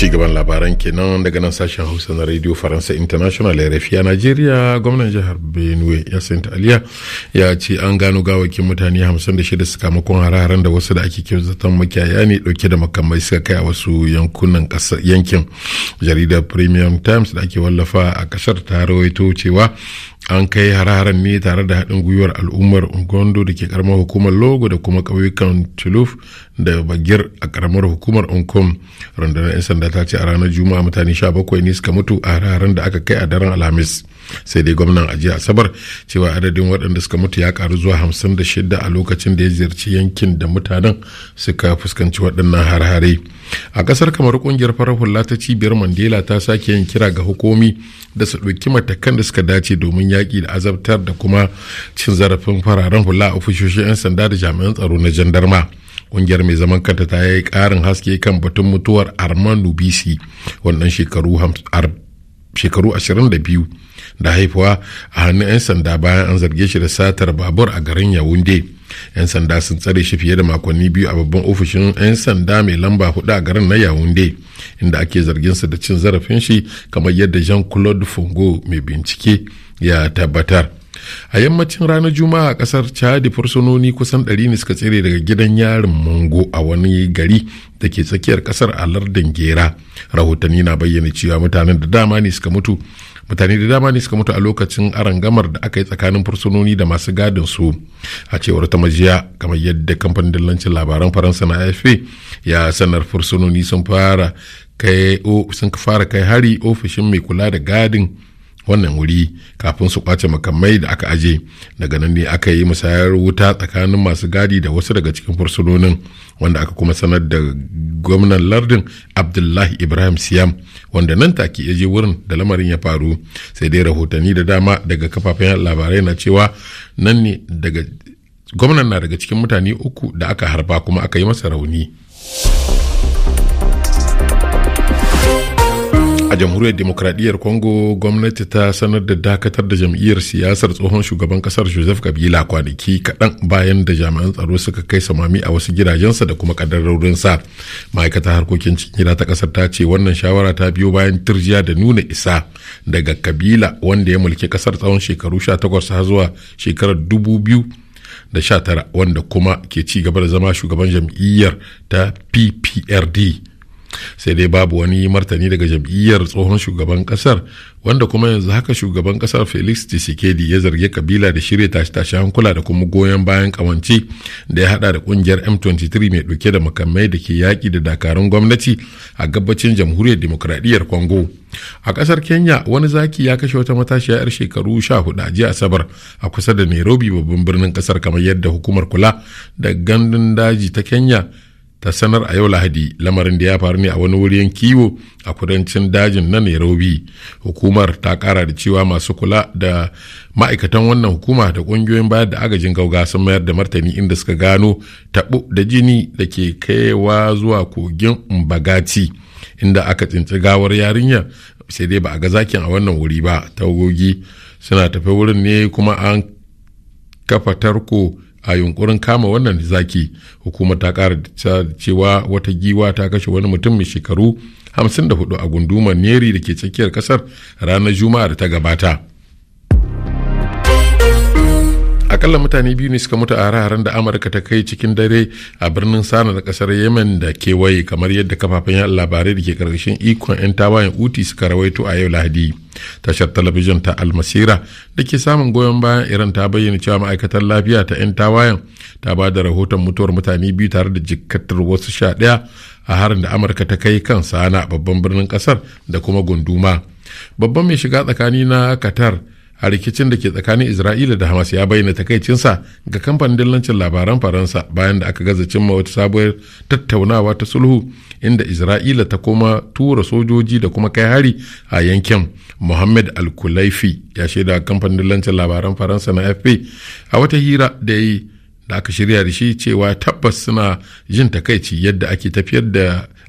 ci gaban labaran kenan daga nan sashen hausa na radio faransa international ya rafi a nigeria gwamnan jihar benue yasin aliya ya ce an gano gawakin mutane 56 sakamakon hararen da wasu da ake kyautatan makiyaya ne dauke da makamai suka kai a wasu yankunan yankin jaridar premium times da ake wallafa a kasar ta rawaito cewa an kai hare haren ne tare da haɗin gwiwar al'ummar ungondo da ke karamar hukumar logo da kuma ƙauyukan tuluf da bagir a karamar hukumar unkom rundunar 'yan sanda ta ce a ranar juma'a mutane 17 ne suka mutu a hare haren da aka kai a daren alhamis sai dai gwamnan a jiya asabar cewa adadin waɗanda suka mutu ya karu zuwa hamsin da shida a lokacin da ya ziyarci yankin da mutanen suka fuskanci waɗannan harhare a ƙasar kamar ƙungiyar farar hula ta cibiyar mandela ta sake yin kira ga hukumi da su ɗauki matakan da suka dace domin yaƙi da azabtar da kuma cin zarafin fararen hula a ofishoshin 'yan sanda da jami'an tsaro na jandarma ƙungiyar mai zaman kanta ta yi ƙarin haske kan batun mutuwar armando bisi wannan shekaru 22 da haifuwa a hannun 'yan sanda bayan an zarge shi da satar babur a garin yawunde 'yan sanda sun tsare shi fiye da makonni biyu a babban ofishin 'yan sanda mai lamba hudu a garin na yawunde inda ake zargin sa da cin zarafin shi kamar yadda jean claude fongo mai bincike ya tabbatar a yammacin ranar juma'a a kasar chadi fursunoni kusan 100 ne suka tsere daga gidan yarin mango a wani gari da ke tsakiyar kasar a lardin gera rahotanni na bayyana cewa mutanen da dama ne suka mutu mutane da dama ne suka mutu a lokacin arangamar da aka yi tsakanin fursunoni da masu gadin su a cewar ta majiya kamar yadda kamfanin dillancin labaran faransa na afp ya sanar fursunoni sun fara kai hari ofishin mai kula da gadin wannan wuri kafin su kwace makamai da aka aje daga nan ne aka yi musayar wuta tsakanin masu gadi da wasu daga cikin fursunonin wanda aka kuma sanar da gwamnan lardin abdullahi ibrahim siyam wanda nan take ya je wurin da lamarin ya faru sai dai rahotanni da dama daga kafafen labarai na cewa nan ne daga gwamnan na daga cikin mutane uku da aka harba kuma aka yi masa rauni a jamhuriyar demokradiyyar congo gwamnati ta sanar da dakatar da jam'iyyar siyasar tsohon shugaban kasar joseph kabila kwanaki kaɗan bayan da jami'an tsaro suka kai samami a wasu gidajensa da kuma sa ma'aikatar harkokin cikin gida ta kasar ta ce wannan shawara ta biyo bayan turjiya da nuna isa daga kabila wanda ya mulki kasar tsawon shekaru 18 har zuwa shekarar 2000 da sha wanda kuma ke ci gaba da zama shugaban jam'iyyar ta pprd sai dai babu wani martani daga jam'iyyar tsohon shugaban kasar wanda kuma yanzu haka shugaban kasar felix tshisekedi ya zarge kabila da shirya tashe-tashe hankula da kuma goyon bayan kawanci da ya hada da kungiyar m23 mai dauke da makamai da ke yaki da dakarun gwamnati a gabacin jamhuriyar demokradiyyar congo a kasar kenya wani zaki ya kashe wata matashiya yar shekaru 14 a jiya asabar a kusa da nairobi babban birnin kasar kamar yadda hukumar kula da gandun daji ta kenya ta sanar a yau lahadi lamarin da ya faru ne a wani wurin kiwo a kudancin dajin na nairobi hukumar ta kara da cewa masu kula da ma'aikatan wannan hukuma da kungiyoyin bayar da agajin gauga sun mayar da martani inda suka gano tabo da jini da ke kaiwa zuwa kogin mbagati inda aka tsinci gawar yarinya sai dai ba a ga zakin a wannan wuri ba tagogi suna tafi wurin ne kuma an kafa tarko a yunkurin kama wannan zaki hukumar ta kara cewa wata giwa ta kashe wani mutum mai shekaru 54 a gunduman neri da ke tsakiyar kasar ranar juma'a da ta gabata akalla mutane biyu ne suka mutu a hare da amurka ta kai cikin dare a birnin sana da kasar yemen da kewaye kamar yadda kafafen yada labarai da ke karkashin ikon 'yan tawayen uti suka rawaito a yau lahadi tashar talabijin ta almasira da ke samun goyon bayan iran ta bayyana cewa ma'aikatar lafiya ta 'yan tawayen ta ba da rahoton mutuwar mutane biyu tare da jikkatar wasu sha ɗaya a harin da amurka ta kai kan sana babban birnin kasar da kuma gunduma babban mai shiga tsakani na qatar a rikicin da ke tsakanin isra'ila da hamas ya bayyana takaicinsa ga kamfanin dillancin labaran faransa bayan da aka gaza cimma wata sabuwar tattaunawa ta sulhu inda isra'ila ta koma tura sojoji da kuma kai hari a yankin mohammed al-kulaifi ya shaida kamfanin dillancin labaran faransa na fp a wata hira da ya da aka shirya da shi cewa tabbas suna jin takaici yadda ake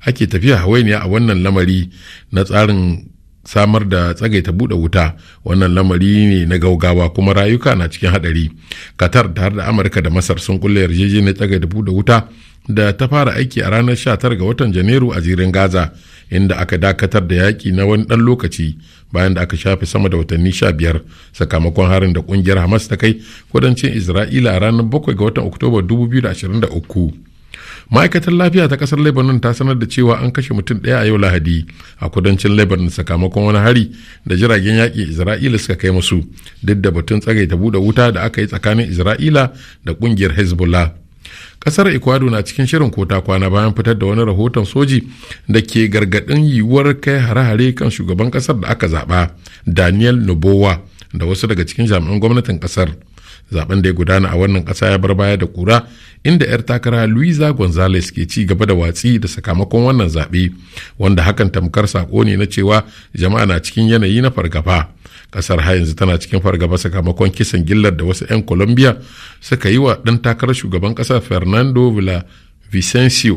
ake tafiya hawainiya a wannan lamari na tsarin samar da ta buɗe wuta wannan lamari ne na gaugawa kuma rayuka na cikin haɗari qatar da har da amurka da masar sun kulle yarjejeniyar tsagaita buɗe wuta da ta fara aiki a ranar 19 ga watan janairu a zirin gaza inda aka dakatar da yaƙi na wani dan lokaci bayan da aka shafe sama da watanni 15 sakamakon harin da ƙungiyar hamas ta kai kudancin isra'ila a ranar 7 ga watan oktoba 2023 ma'aikatar lafiya ta kasar lebanon ta sanar da cewa an kashe mutum ɗaya a yau lahadi a kudancin lebanon sakamakon wani hari da jiragen yaƙi isra'ila suka kai musu duk da batun ta buɗe wuta da aka yi tsakanin isra'ila da ƙungiyar hezbollah kasar ecuador na cikin shirin kota kwana bayan fitar da wani rahoton soji da ke gargaɗin yiwuwar kai hare-hare kan shugaban kasar da aka zaɓa daniel nobowa da wasu daga cikin jami'an gwamnatin kasar zaben da ya gudana a wannan kasa ya bar baya da kura inda 'yar takara luisa gonzales ke ci gaba da watsi da sakamakon wannan zaɓe wanda hakan tamkar sako ne na cewa jama'a na cikin yanayi na fargaba kasar har yanzu tana cikin fargaba sakamakon kisan gillar da wasu 'yan colombia suka yi wa ɗan takarar shugaban ƙasar fernando vicencio